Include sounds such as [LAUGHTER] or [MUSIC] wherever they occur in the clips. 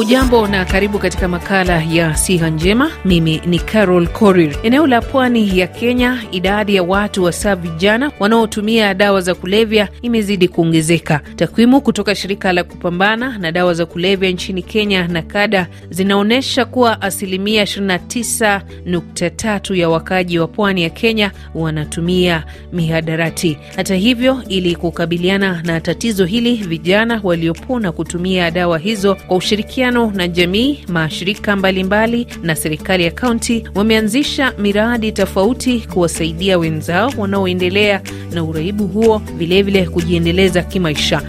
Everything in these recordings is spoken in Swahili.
Ujambo na karibu katika makala ya siha njema. Mimi ni Carol Korir. Eneo la pwani ya Kenya, idadi ya watu hasa vijana wanaotumia dawa za kulevya imezidi kuongezeka. Takwimu kutoka shirika la kupambana na dawa za kulevya nchini Kenya na kada zinaonyesha kuwa asilimia 29.3 ya wakaaji wa pwani ya Kenya wanatumia mihadarati. Hata hivyo, ili kukabiliana na tatizo hili, vijana waliopona kutumia dawa hizo kwa ushirikiano ushirikiano na jamii, mashirika mbalimbali mbali, na serikali ya kaunti wameanzisha miradi tofauti kuwasaidia wenzao wanaoendelea na uraibu huo, vilevile vile kujiendeleza kimaisha.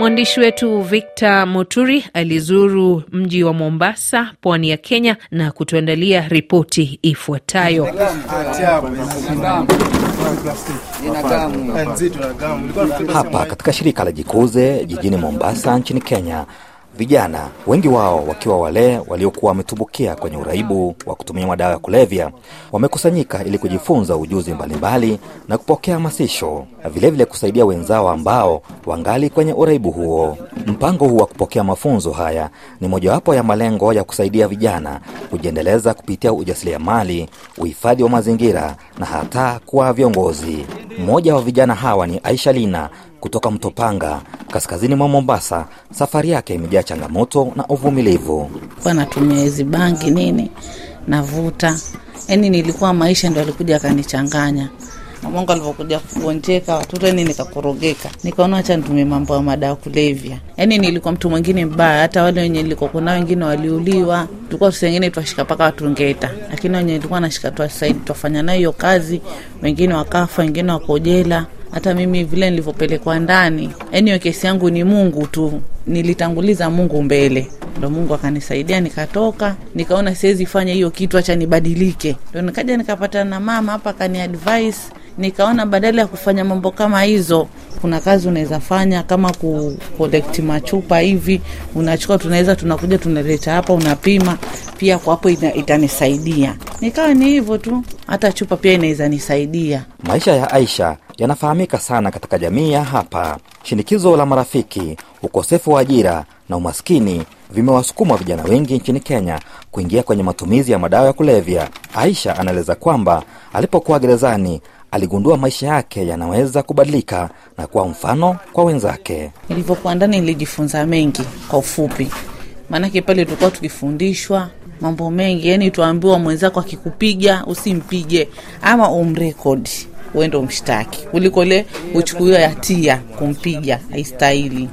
Mwandishi wetu Victor Moturi alizuru mji wa Mombasa, pwani ya Kenya, na kutuandalia ripoti ifuatayo. Hapa katika shirika la Jikuze jijini Mombasa nchini Kenya vijana wengi wao wakiwa wale waliokuwa wametumbukia kwenye uraibu wa kutumia madawa ya kulevya, wamekusanyika ili kujifunza ujuzi mbalimbali mbali na kupokea hamasisho, vilevile kusaidia wenzao ambao wangali kwenye uraibu huo. Mpango huu wa kupokea mafunzo haya ni mojawapo ya malengo ya kusaidia vijana kujiendeleza kupitia ujasiriamali, uhifadhi wa mazingira na hata kuwa viongozi. Mmoja wa vijana hawa ni Aisha Lina kutoka Mtopanga kaskazini mwa Mombasa, safari yake imejaa changamoto na uvumilivu. kwa Natumia hizi bangi nini, navuta yani, nilikuwa maisha ndo alikuja akanichanganya Mungu alivyokuja kugonjeka watoto, yani nikakorogeka, nikaona acha nitumie mambo ya madawa kulevya. Yani nilikuwa mtu mwingine mbaya, hata wale wenye nilikuwa kuna wengine waliuliwa, tulikuwa wengine twashika paka watungeta, lakini wenye nilikuwa nashika twasaidi twafanya nayo hiyo kazi, wengine wakafa, wengine wakojela hata mimi vile nilivyopelekwa ndani, yaani kesi yangu ni Mungu tu, nilitanguliza Mungu mbele, ndo Mungu akanisaidia nikatoka. Nikaona siwezi fanya hiyo kitu, acha nibadilike, ndo nikaja nikapatana na mama hapa, akani advise Nikaona badala ya kufanya mambo kama hizo, kuna kazi unaweza fanya kama ku collect machupa hivi, unachukua tunaweza, tunakuja tunaleta hapa, unapima pia kwa hapo, itanisaidia. Nikawa ni hivyo tu, hata chupa pia inaweza nisaidia. Maisha ya Aisha yanafahamika sana katika jamii ya hapa. Shinikizo la marafiki, ukosefu wa ajira na umaskini vimewasukuma vijana wengi nchini Kenya kuingia kwenye matumizi ya madawa ya kulevya. Aisha anaeleza kwamba alipokuwa gerezani aligundua maisha yake yanaweza kubadilika na kuwa mfano kwa wenzake. Nilivyokuwa ndani nilijifunza mengi kwa ufupi, maanake pale tulikuwa tukifundishwa mambo mengi, yani tuambiwa mwenzako akikupiga usimpige ama umrekodi uendo mshtaki, kuliko le uchukuliwa yatia kumpiga, haistahili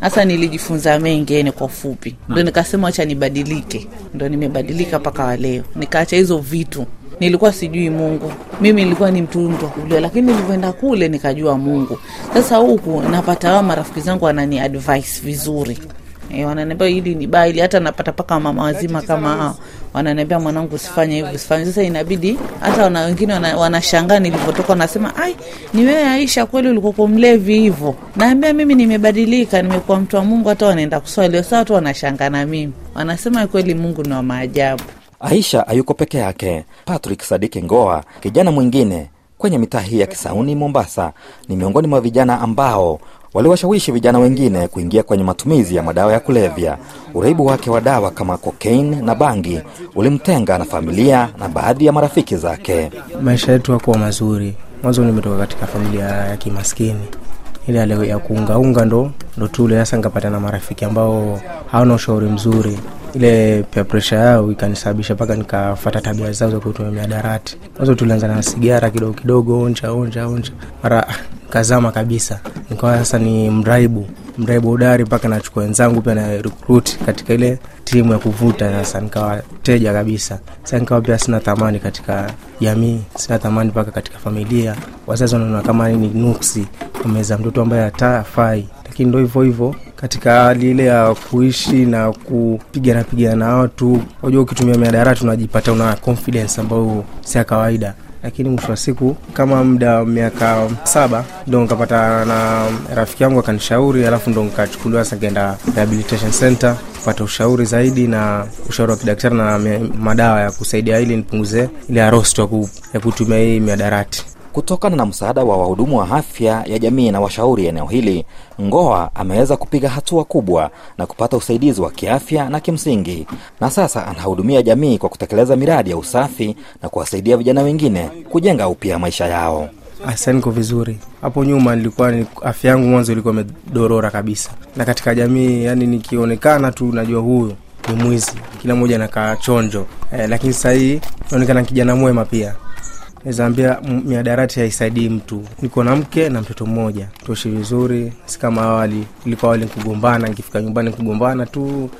hasa nilijifunza mengi yani kwa ufupi, ndo nikasema wacha nibadilike, ndo nimebadilika mpaka waleo, nikaacha hizo vitu nilikuwa sijui Mungu. Mimi nilikuwa ni mtu mtu kulia lakini nilivyoenda kule nikajua Mungu. Sasa huku napata wa marafiki zangu wanani advice vizuri E, wananiambia hili ni baya, ili hata napata paka mama wazima kama hao wananiambia, mwanangu, usifanye hivyo, usifanye. Sasa inabidi hata wana wengine wanashangaa wana nilivyotoka, wanasema ai, ni wewe Aisha, kweli ulikuwa mlevi hivyo? Naambia mimi nimebadilika, nimekuwa mtu wa Mungu. Hata wanaenda kuswali, sasa watu wanashangaa na mimi, wanasema kweli Mungu ni wa maajabu. Aisha ayuko peke yake. Patrick Sadiki Ngoa, kijana mwingine kwenye mitaa hii ya Kisauni, Mombasa, ni miongoni mwa vijana ambao waliwashawishi vijana wengine kuingia kwenye matumizi ya madawa ya kulevya. urahibu wake wa dawa kama kokaini na bangi ulimtenga na familia na baadhi ya marafiki zake. Maisha yetu hakuwa mazuri mwanzo. Nimetoka katika familia ya kimaskini ile ya kuungaunga, ndo ndo tule hasa nkapata na marafiki ambao hawana ushauri mzuri ile pia presha yao ikanisababisha mpaka nikafata tabia zao za kutumia miadarati. kwanza tulianza na sigara kidogo kidogo, onja onja onja, mara kazama kabisa, nikawa sasa ni mraibu mraibu udari mpaka nachukua wenzangu pia na recruit katika ile timu ya kuvuta. Sasa nikawa teja kabisa, sa nikawa pia sina thamani katika jamii, sina thamani mpaka katika familia. Wazazi wanaona kama ni nuksi, umeza mtoto ambaye hata afai, lakini ndo hivo hivo katika hali ile ya kuishi na kupigana pigana watu. Unajua, ukitumia miadarati unajipata una confidence ambayo si ya kawaida lakini mwisho wa siku kama muda wa miaka saba ndo nkapata na rafiki yangu akanishauri, alafu ndo nkachukuliwa sasa rehabilitation center kupata ushauri zaidi na ushauri wa kidaktari na madawa ya kusaidia ili nipunguze ile arosto ya kutumia hii miadarati. Kutokana na msaada wa wahudumu wa afya ya jamii na washauri eneo hili, ngoa ameweza kupiga hatua kubwa na kupata usaidizi wa kiafya na kimsingi, na sasa anahudumia jamii kwa kutekeleza miradi ya usafi na kuwasaidia vijana wengine kujenga upya maisha yao. Sasa niko vizuri. Hapo nyuma nilikuwa ni afya yangu mwanzo ilikuwa imedorora kabisa, na katika jamii yani nikionekana tu najua huyu ni mwizi, kila mmoja nakaa chonjo eh, lakini sahii naonekana kijana mwema pia naweza miadarati haisaidii mtu. Niko na mke na mtoto mmoja, toshi vizuri, si kama awali. Ilikuwa awali nkugombana nkifika nyumbani nkugombana tu,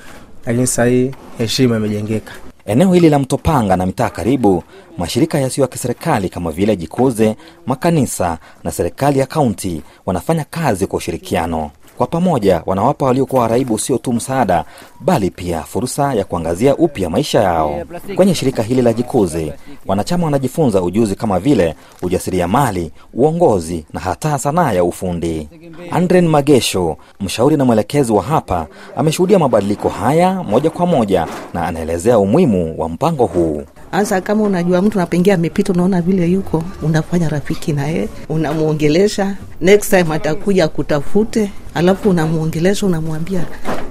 lakini sahii heshima imejengeka. Eneo hili la Mtopanga na mitaa karibu, mashirika yasiyo ya kiserikali kama vile Jikuze, makanisa na serikali ya kaunti wanafanya kazi kwa ushirikiano. Kwa pamoja wanawapa waliokuwa waraibu sio tu msaada, bali pia fursa ya kuangazia upya maisha yao. Kwenye shirika hili la Jikuzi, wanachama wanajifunza ujuzi kama vile ujasiriamali, uongozi na hata sanaa ya ufundi. Andren Magesho, mshauri na mwelekezi wa hapa, ameshuhudia mabadiliko haya moja kwa moja na anaelezea umuhimu wa mpango huu. hasa kama unajua mtu napengia amepita, unaona vile yuko, unafanya rafiki naye, unamwongelesha, next time atakuja kutafute, alafu unamwongelesha, unamwambia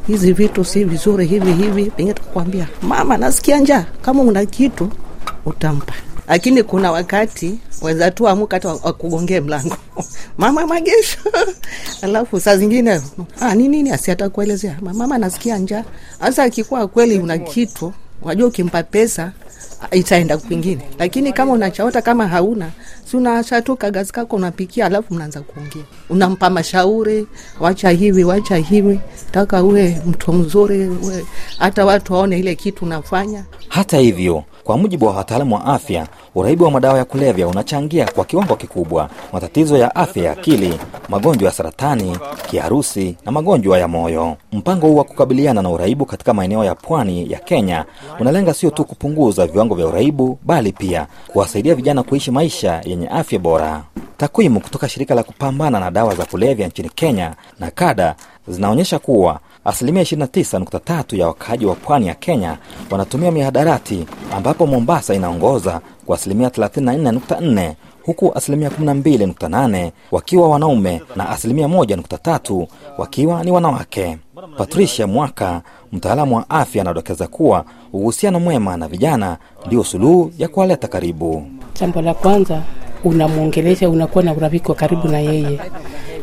hizi vitu si vizuri hivi hivi, pengine tukakwambia mama, nasikia njaa, kama una kitu utampa lakini kuna wakati waweza tu amuka hata wakugongee mlango [LAUGHS] mama magesho. [LAUGHS] Alafu saa zingine ah, ni nini asi atakuelezea mama, nasikia njaa. Hasa akikuwa kweli una kitu, wajua ukimpa pesa itaenda kwingine, lakini kama unachaota kama hauna si unashatoka gazi kako unapikia, alafu mnaanza kuongea, unampa mashauri, wacha hivi, wacha hivi, taka uwe mtu mzuri, hata watu waone ile kitu unafanya. Hata hivyo, kwa mujibu wa wataalamu wa afya, uraibu wa madawa ya kulevya unachangia kwa kiwango kikubwa matatizo ya afya ya akili, magonjwa ya saratani, kiharusi na magonjwa ya moyo. Mpango huu wa kukabiliana na uraibu katika maeneo ya pwani ya Kenya unalenga sio tu kupunguza viwango vya uraibu, bali pia kuwasaidia vijana kuishi maisha yenye afya bora. Takwimu kutoka shirika la kupambana na dawa za kulevya nchini Kenya na kada zinaonyesha kuwa Asilimia 29.3 ya wakaaji wa pwani ya Kenya wanatumia mihadarati, ambapo Mombasa inaongoza kwa asilimia 34.4 huku asilimia 12.8 wakiwa wanaume na asilimia 1.3 wakiwa ni wanawake. Patricia Mwaka, mtaalamu wa afya, anadokeza kuwa uhusiano mwema na vijana ndio suluhu ya kuwaleta karibu. Jambo la kwanza, unamwongelesha, unakuwa na urafiki wa karibu na yeye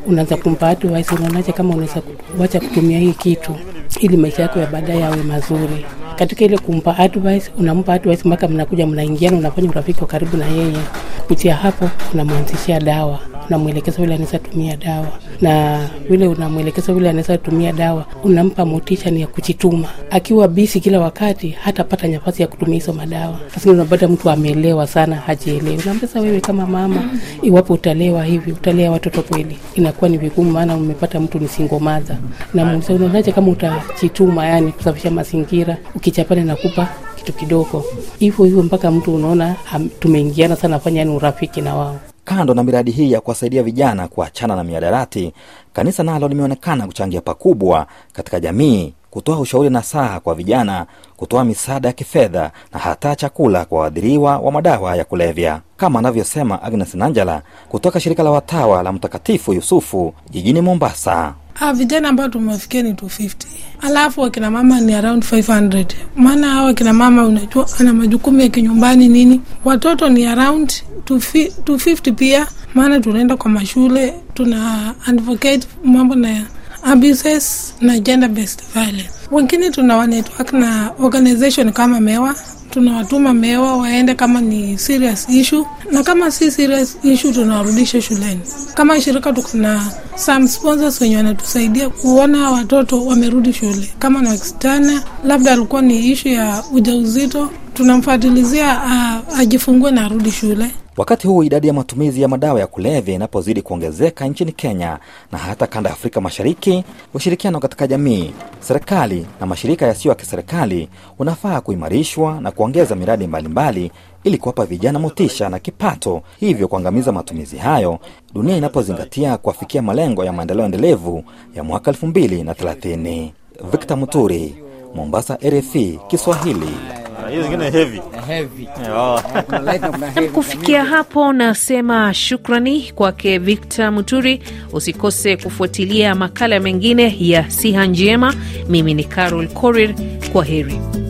unaweza kumpa advice, unaonaje kama unaweza kuacha kutumia hii kitu ili maisha yako ya baadaye yawe mazuri. Katika ile kumpa advice, unampa advice mpaka mnakuja mnaingiana, unafanya urafiki wa karibu na yeye. Kupitia hapo unamwanzishia dawa unamwelekeza vile anaweza tumia dawa, na vile unamwelekeza vile anaweza tumia dawa, unampa motisha ni ya kujituma. Akiwa bisi kila wakati, hatapata nafasi ya kutumia hizo madawa. Sasa unapata mtu ameelewa sana, hajielewi. Unampesa wewe kama mama, iwapo utalewa hivi, utalea watoto kweli? Inakuwa ni vigumu, maana umepata mtu ni singomaza. Namuuliza, unaonaje kama utajituma, yani kusafisha mazingira, ukichapana nakupa kitu kidogo hivyo hivyo, mpaka mtu unaona tumeingiana sana, fanya yani urafiki na wao. Kando na miradi hii ya kuwasaidia vijana kuachana na miadarati, kanisa nalo limeonekana kuchangia pakubwa katika jamii, kutoa ushauri na saha kwa vijana, kutoa misaada ya kifedha na hata chakula kwa waadhiriwa wa madawa ya kulevya, kama anavyosema Agnes Nanjala kutoka shirika la watawa la Mtakatifu Yusufu jijini Mombasa. Ha, ah, vijana ambao tumewafikia ni 250 alafu wakinamama ni around 500. Maana hawa wakinamama unajua ana majukumu ya kinyumbani nini, watoto ni around 250 pia, maana tunaenda kwa mashule tuna advocate mambo na abuses na gender based violence. Wengine tuna network na organization kama MEWA, tunawatuma MEWA waende kama ni serious issue, na kama si serious issue tunawarudisha shuleni. Kama shirika tuko na some sponsors wenye wanatusaidia kuona watoto wamerudi shule, kama ni wakistana labda alikuwa ni issue ya ujauzito, tunamfatilizia ah, ajifungue na arudi shule. Wakati huu idadi ya matumizi ya madawa ya kulevya inapozidi kuongezeka nchini Kenya na hata kanda ya Afrika Mashariki, ushirikiano katika jamii, serikali na mashirika yasiyo ya kiserikali unafaa kuimarishwa na kuongeza miradi mbalimbali ili kuwapa vijana motisha na kipato, hivyo kuangamiza matumizi hayo dunia inapozingatia kuafikia malengo ya maendeleo endelevu ya mwaka 2030. victo Muturi, Mombasa, rf Kiswahili. Eh, oh. [LAUGHS] kufikia hapo, nasema shukrani kwake Victor Muturi. Usikose kufuatilia makala mengine ya Siha Njema. Mimi ni Carol corir kwa heri.